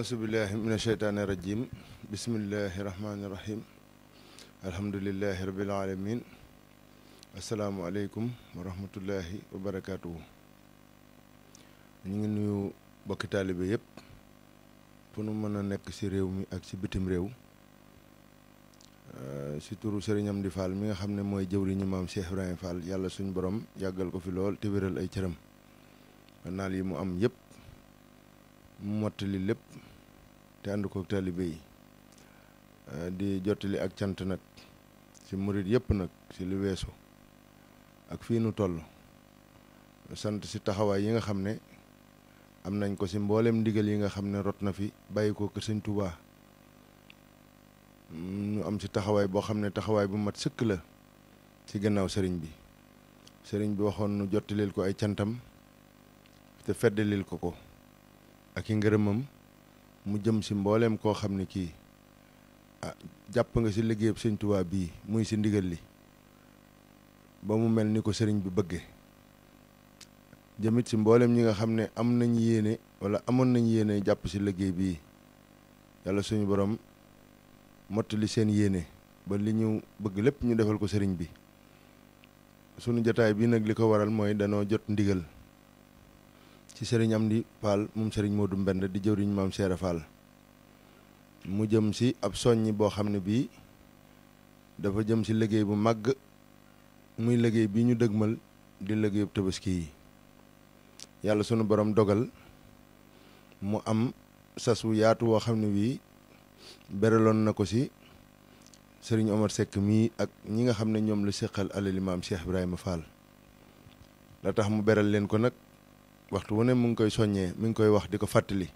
aousubillahi min asheytaani irajim bismillahi rahmaaniirahim alhamdulilahi rabilalamin asalaamualeykum wa rahmatullahi wa barakatuhu ñu ngi nuyu bokki taalibe yëpp fu mën a nekk ci réew mi ak ci bitim réew euh, ci turu Serigne Amdi Fall mi nga xam ne mooy jëwriñu maam Cheikh Ibrahima Fall yàlla suñu borom yàggal ko fi lool te wéral ay cëram naal yi mu am yëpp mu mottali lépp te ànd ko taalibe yi eh, di jottali ak cant nag si murit yëpp nag ci lu weesu ak fii nu toll sant si taxawaay yi nga xam ne am nañ ko si mboolem ndigal yi nga xam ne rot na fi bàyyi ko kër Sëñ Tuubaa mm, ñu am ci taxawaay boo xam ne taxawaay bu mat sëkk la ci gannaaw sëriñ bi sëriñ bi waxoon nu jottalil ko ay cantam te feddalil ko ko ak i ngërëmam mu jëm si mbooleem koo xam ne kii ah jàpp nga si liggéeyub sëñ Tuubaa bii muy si ndigal li ba mu mel ni ko sëriñ bi bëgge jëmit si mbooleem ñi nga xam ne am nañ yéene wala amoon nañ yéene jàpp si liggéey bii yàlla suñu boroom mottali seen yéene ba li ñu bëgg lépp ñu defal ko sëriñ bi sunu jotaay bii nag li ko waral mooy danoo jot ndigal ci sëriñ di Fall moom sëriñ moo du Mbend di jëwriñ maam Seera Fall mu jëm si ab soññi boo xam ne bii dafa jëm si liggéey bu màgg muy liggéey bi ñu dëgmal di liggéeyub tabaski yi yàlla sunu borom dogal mu am sas wu yaatu woo xam ne wii beraloon na ko si sëriñ Omar Seck mii ak ñi nga xam ne ñoom lu seqal alali maam Cheikh Ibrahima Fall la tax mu beral leen ko nag waxtu wu ne mu ngi koy soññee mu ngi koy wax di ko fàttali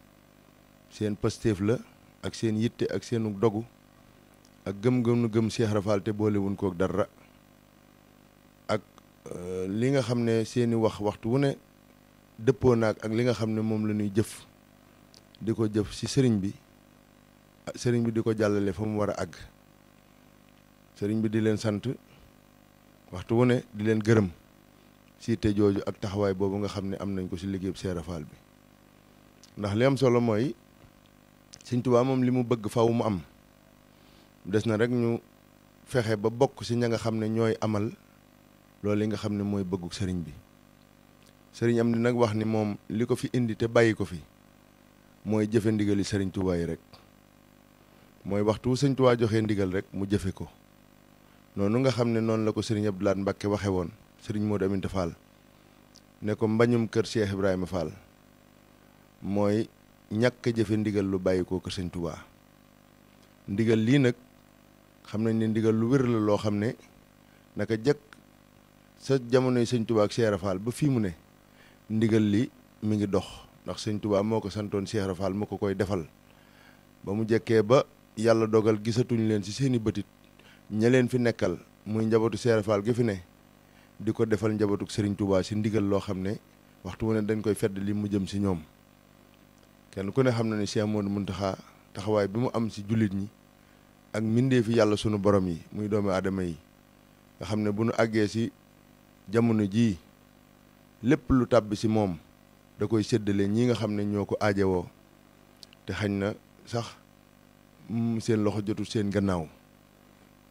seen pastéef la ak seen yitte ak seenu dogu ak gëm-gëm gëm Cheikh Rafal te boolewuñ kook dara ak euh, li nga xam ne seeni wax waxtu wu ne dëppoo naag ak li nga xam ne moom la ñuy jëf di ko jëf si sëriñ bi sëriñ bi di ko jàllale fa mu war a àgg sëriñ bi di leen sant waxtu wu ne di leen gërëm si te jooju ak taxawaay boobu nga xam ne am nañ ko ci liggéeyub Seera Faal bi ndax li am solo mooy sëñtuwaa moom li mu bëgg faw mu am des na rek ñu fexe ba bokk si ña nga xam ne ñooy amal loolu yi nga xam ne mooy bëggu sëriñ bi sëriñ am di nag wax ni moom li ko fi indi te bàyyi ko fi mooy jëfe ndigali sëriñ Tuubaa yi rek mooy waxtu sëñ Tuubaa joxe ndigal rek mu jëfe ko noonu nga xam ne noonu la ko sëriñ Abdou Lahad Mbacke waxe woon sëriñ Modou Aminta Fall ne ko mbañum kër Cheikh Ibrahima Fall mooy ñàkk jëfe ndigal lu bàyyi ko kër sëñ Touba ndigal lii nag xam nañ ne ndigal lu wér loo xam ne naka jëkk sa jamonoy sëñ Touba ak Cheikh Fall ba fii mu ne ndigal li mu ngi dox ndax sëñ Touba moo ko santoon Cheikh Fall mu ko koy defal ba mu jekkee ba yàlla dogal gisatuñ leen ci seeni bëtit ña leen fi nekkal muy njabootu Cheikh Fall gi fi ne di ko defal njabootuk Serigne Touba si ndigal loo xam ne waxtu wu ne dañ koy fedd li mu jëm si ñoom kenn ku ne xam na ne Cheikh Modou taxaa taxawaay bi mu am si jullit ñi ak mbindeefi yàlla sunu borom yi muy doomi aadama yi nga xam ne bu nu àggee si jamono jii lépp lu tàbbi si moom da koy séddale ñii nga xam ne ñoo ko woo te xañ na sax seen loxo jotul seen gannaaw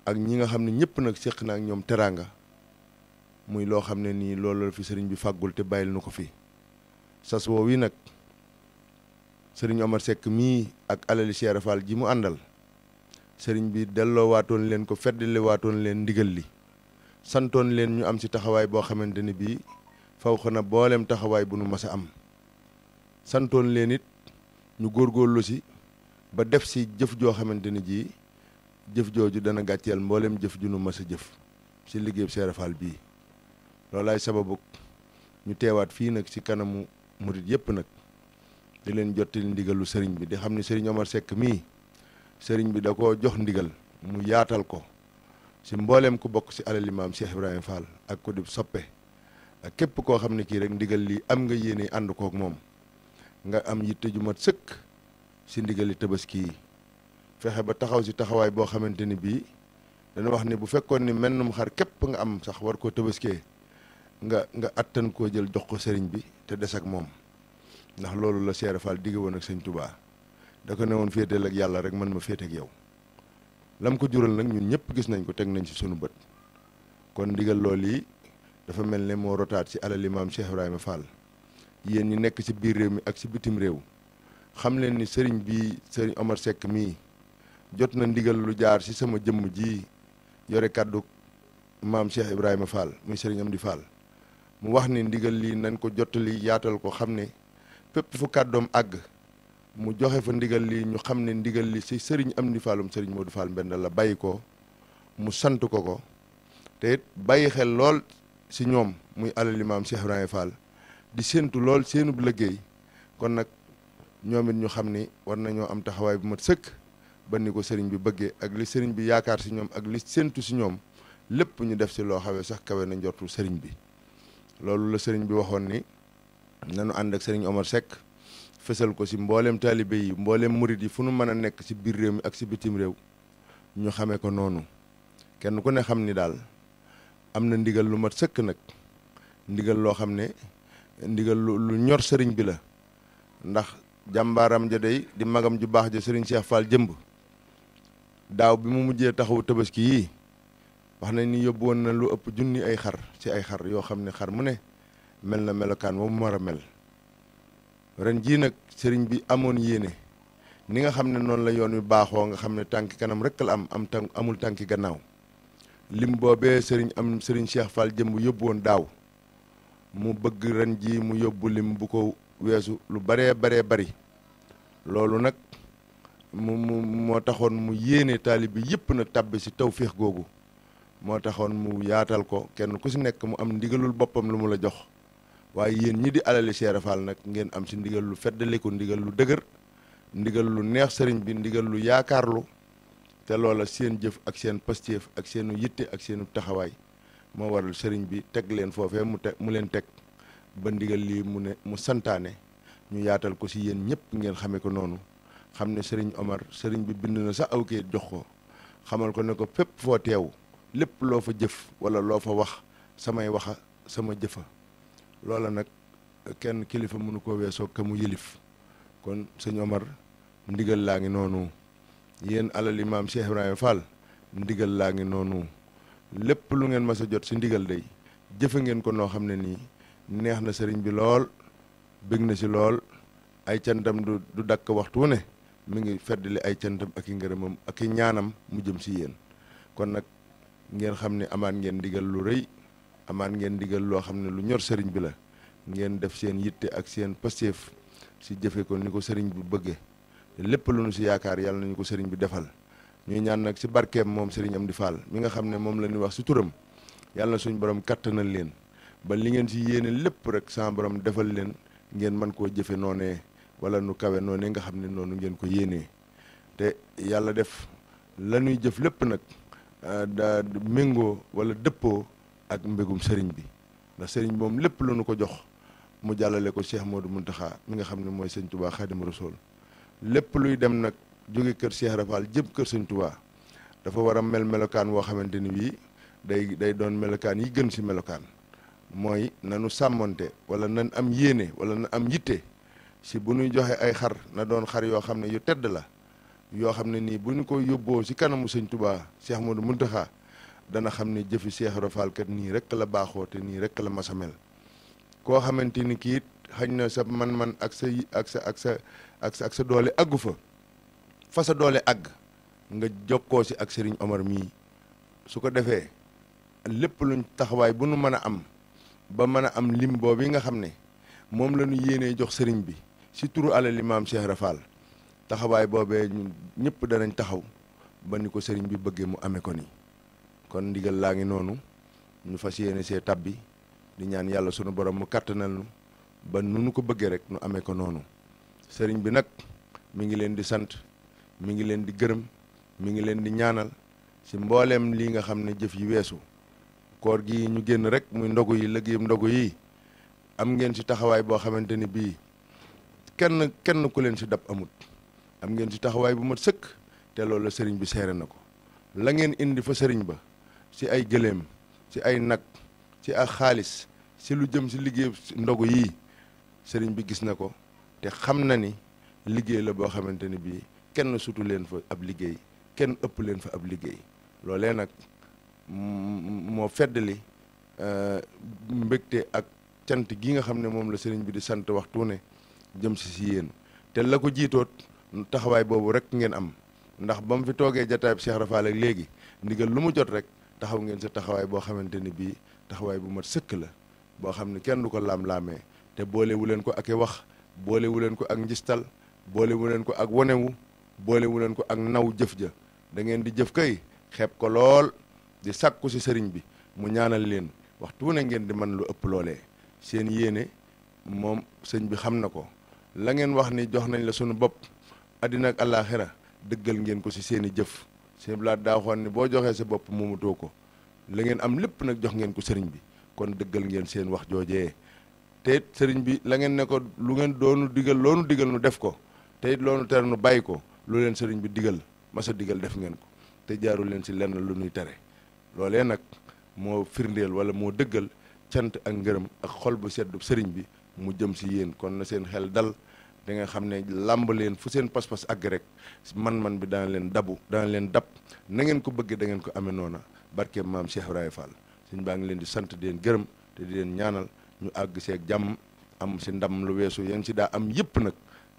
ak ñi nga xam ne ñëpp nag séq na ak ñoom teraanga muy loo xam ne nii loolu la fi sëriñ bi fàggul te bàyyil nu ko fi sas woow yi nag sëriñ Omar sekk mii ak alali Cheikh ji mu àndal sëriñ bi delloo waatoon leen ko feddali waatoon leen ndigal li santoon leen ñu am si taxawaay boo xamante ni bii faw xana booleem taxawaay bu nu mas am santoon leen it ñu góor góorgóorlu si ba def si jëf joo xamante ni jii jëf jooju dana gàcceel mbooleem jëf ju nu mas a jëf si liggéeyub Cheikh Fall bii loolaay sababu ñu teewaat fii nag ci kanamu murit yëpp nag di leen jottali ndigalu sëriñ bi di xam ni sëriñ Omar sekk mii sëriñ bi da koo jox ndigal mu yaatal ko ci mbooleem ku bokk ci alal imaam Cheikh Ibrahima Fall ak ku di soppe ak képp koo xam ne kii rek ndigal lii am nga yéene ànd kook moom nga am yitte ju mat sëkk ci ndigali tabaski yi fexe ba taxaw ci taxawaay boo xamante ni bii dana wax ni bu fekkoon ni mennum xar képp nga am sax war koo tabaskee nga nga àttan koo jël jox ko sëriñ bi te des ak moom ndax loolu la Cheikh Fall digg woon ak sëñ Touba da ne woon féeteel ak yàlla rek man ma féete ak yow lam ko jural nag ñun ñëpp gis nañ ko teg nañ ci sunu bët kon ndigal loolu yi dafa mel ne moo rotaat ci alal imaam Cheikh Ibrahima Fall yéen ñi nekk ci biir réew mi ak ci bitim réew xam leen ni sëriñ bi sëriñ Omar Seck mii jot na ndigal lu jaar ci sama jëmm ji yore kàddu maam Cheikh Ibrahima Fall muy sëriñ Amdi Fall mu wax ni ndigal lii nañ ko jot jottali yaatal ko xam ne fépp fu kàddoom àgg mu joxe fa ndigal lii ñu xam ne ndigal li si sëriñ Amdi Faalum sëriñ Modou Fall Mbenda la bàyyi ko mu sant ko ko te bàyyi xel lool si ñoom muy alali maam Cheikh Ibrahima di séentu lool seenub liggéey kon nag ñoom it ñu xam ni war nañoo am taxawaay bu mat sëkk ba ko sëriñ bi bëggee ak li sëriñ bi yaakaar si ñoom ak li séentu si ñoom lépp ñu def si loo xawee sax kawe na njortu sëriñ bi loolu la sëriñ bi waxoon ni nanu ànd ak sëriñ Omar Seck fësal ko si mbooleem taalibe yi mbooleem murit yi fu nu mën a nekk si biir réew mi ak si bitim réew ñu xamee ko noonu kenn ku ne xam ni daal am na ndigal lu mat sëkk nag ndigal loo xam ne ndigal lu ñor sëriñ bi la ndax jàmbaaram ja day di magam ju baax ja sëriñ Cheikh Fall jëmb daaw bi mu mujjee taxawu tabaski yii wax na ni yóbbu woon na lu ëpp junni ay xar ci ay xar yoo xam ne xar mu ne mel na melokaan moom mu war a mel ren jii nag sëriñ bi amoon yéene ni nga xam ne noonu la yoon wi baaxoo nga xam ne tànki kanam rek la am am tànk amul tànki gannaaw lim boobee sëriñ am sëriñ Cheikh Fall jëmb yóbbu woon daaw mu bëgg ren jii mu yóbbu lim bu ko weesu lu baree baree bari loolu nag mu mu moo taxoon mu yéene taalibe bi yëpp nag tàbbi si féex googu. moo taxoon mu yaatal ko kenn ku si nekk mu am ndigalul boppam lu mu la jox waaye yéen ñi di alali Cheikh Fall nag ngeen am si ndigal lu feddaliku ndigal lu dëgër ndigal lu neex sëriñ bi ndigal lu yaakaarlu te loola seen jëf ak seen pastéef ak seenu yitte ak seenu taxawaay moo waral sëriñ bi teg leen foofee mu teg mu leen teg ba ndigal lii mu ne mu santaane ñu yaatal ko si yéen ñëpp ngeen xamee ko noonu xam ne sëriñ Omar sëriñ bi bind na sa aw kayit jox ko xamal ko ne ko fépp foo teew lépp loo fa jëf wala loo fa wax samay waxa sama jëfa loola nag kenn kilifa mënu ko weesoo ka mu yilif kon sëñ Omar ndigal laa ngi noonu yéen alal imaam Cheikh Ibrahima Fall ndigal laa ngi noonu lépp lu ngeen mas a jot si ndigal day jëfe ngeen ko noo xam ne nii neex na sëriñ bi lool bëgg na si lool ay cantam du du dakk waxtu wu ne mi ngi feddali ay cantam ak i ngërëmam ak i ñaanam mu jëm si yéen kon nag ngeen xam ne amaan ngeen digal lu rëy amaan ngeen digal loo xam ne lu ñor sëriñ bi la ngeen def seen yitte ak seen pasteef si jëfe ko ni ko sëriñ bi bëggee lépp lu nu si yaakaar yàlla nañu ko sëriñ bi defal ñuy ñaan nag si barkeem moom sëriñ di Fall mi nga xam ne moom la ñuy wax si turam yàlla na suñu borom kattanal leen ba li ngeen si yéene lépp rek sans borom defal leen ngeen mën koo jëfe noonee wala nu kawe noonee nga xam ne noonu ngeen ko yéenee te yàlla def la ñuy jëf lépp nag Euh, daa méngoo wala dëppoo ak mbégum sëriñ bi ndax sëriñ moom lépp lu nu ko jox mu jàllale ko Cheikh Modou Mountakha mi nga xam ne mooy sëñ Touba Khadim Rasoul lépp luy dem nag jóge kër Cheikh Rafal jëm kër sëñ Touba dafa war a mel melokaan woo xamante ni bii day day doon melokaan yi gën ci melokaan mooy nanu sàmmoonte wala nan am yéene wala na am yitte si bu nuy joxee ay xar na doon xar yoo xam ne yu tedd la yoo xam ne nii bu ñu ko yóbboo si kanamu sëñ Touba Cheikh Modou Mountakha dana xam ne jëfi Cheikh Rafal kat nii rek la baaxoo te nii rek la masamel koo xamante ni kii it xañ na sa man-man ak sa ak sa sa doole àggu fa fa sa doole àgg nga jokkoo si ak Serigne Omar mii su ko defee lépp luñ taxawaay bu nu mën a am ba mën a am lim boobu yi nga xam ne moom la ñu yéenee jox sëriñ bi ci turu alali maam Cheikh Rafal taxawaay boobee ñun ñëpp danañ taxaw ba ni ko sëriñ bi bëggee mu amee ko nii kon ndigal laa ngi noonu ñu fas yéene see tab bi di ñaan yàlla sunu borom mu kàttanal nu ba nu nu ko bëggee rek nu amee ko noonu sëriñ bi nag mi ngi leen di sant mi ngi leen di gërëm mi ngi leen di ñaanal si mbooleem lii nga xam ne jëf yi weesu koor gi ñu génn rek muy ndogu yi liggéeyam ndogu yi am ngeen si taxawaay boo xamante ni bii kenn kenn ku leen si dab amut am ngeen si taxawaay bu mat sëkk te loolu la sëriñ bi seere na ko la ngeen indi fa sëriñ ba si ay gëléem ci ay nag ci ak xaalis si lu jëm si liggéey ndogu yii sëriñ bi gis na ko te xam na ni liggéey la boo xamante ni bii kenn sutu leen fa ab liggéey kenn ëpp leen fa ab liggéey loolee nag moo feddali euh, mbégte ak cant gi nga xam ne moom la sëriñ bi di sant waxtu jëm si si yéen te la ko jiitoot taxawaay boobu rek ngeen am ndax ba mu fi toogee jataayub Cheikh Rafaal ak léegi ndigal lu mu jot rek taxaw ngeen sa taxawaay boo xamante ni bii taxawaay bu mat sëkk la boo xam ne kenn du ko laam-laamee te boolewu leen ko ak wax boolewu leen ko ak njistal boolewu leen ko ak wonewu boolewu leen ko ak naw jëf ja da di jëf kay xeeb ko lool di sàkku si sëriñ bi mu ñaanal leen waxtu ne ngeen di man lu ëpp loolee seen yéene moom sëñ bi xam na ko la ngeen wax ni jox nañ la sunu bopp àddina ak àllaaxira dëggal ngeen ko si seen i jëf seen blaat daa waxoon ne boo joxee sa bopp moomatoo ko la ngeen am lépp nag jox ngeen ko sëriñ bi kon dëggal ngeen seen wax joojee te it sëriñ bi la ngeen ne ko lu ngeen doonu diggal loonu diggal nu def ko te loonu tere nu bàyyi ko lu leen sëriñ bi diggal digal masa diggal def ngeen ko te jaarul leen si lenn lu nuy tere loolee nag moo firndeel wala moo dëggal cant ak ngërëm ak xol bu seddu sëriñ bi mu jëm ci yéen kon seen xel dal da nga xam ne làmb leen fu seen pas-pas àgg rek man-man bi dana leen dabu dana leen dab na ngeen ko bëggee da ngeen ko amee noona barkeem maam Cheikh Ibrahima Fall sëñ baa ngi leen di sant di leen gërëm te di leen ñaanal ñu àgg seeg jàmm am si ndam lu weesu yéen si daa am yëpp nag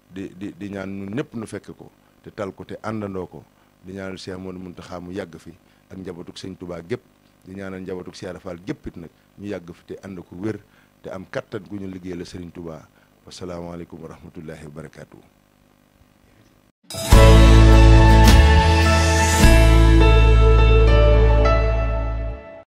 di di di ñaan ñun ñëpp nu fekk ko te tal ko àndandoo ko di ñaanal Cheikh Modou Mountakha mu yàgg fi ak njabootug sëñ tubaa gépp di ñaanal njabootug Cheikh Fall géppit nag ñu yàgg fi te ànd ko wér te am kattan ku ñu liggéey la Serigne wasalaamaaleykum wa rahmatullahi wa barakaatu.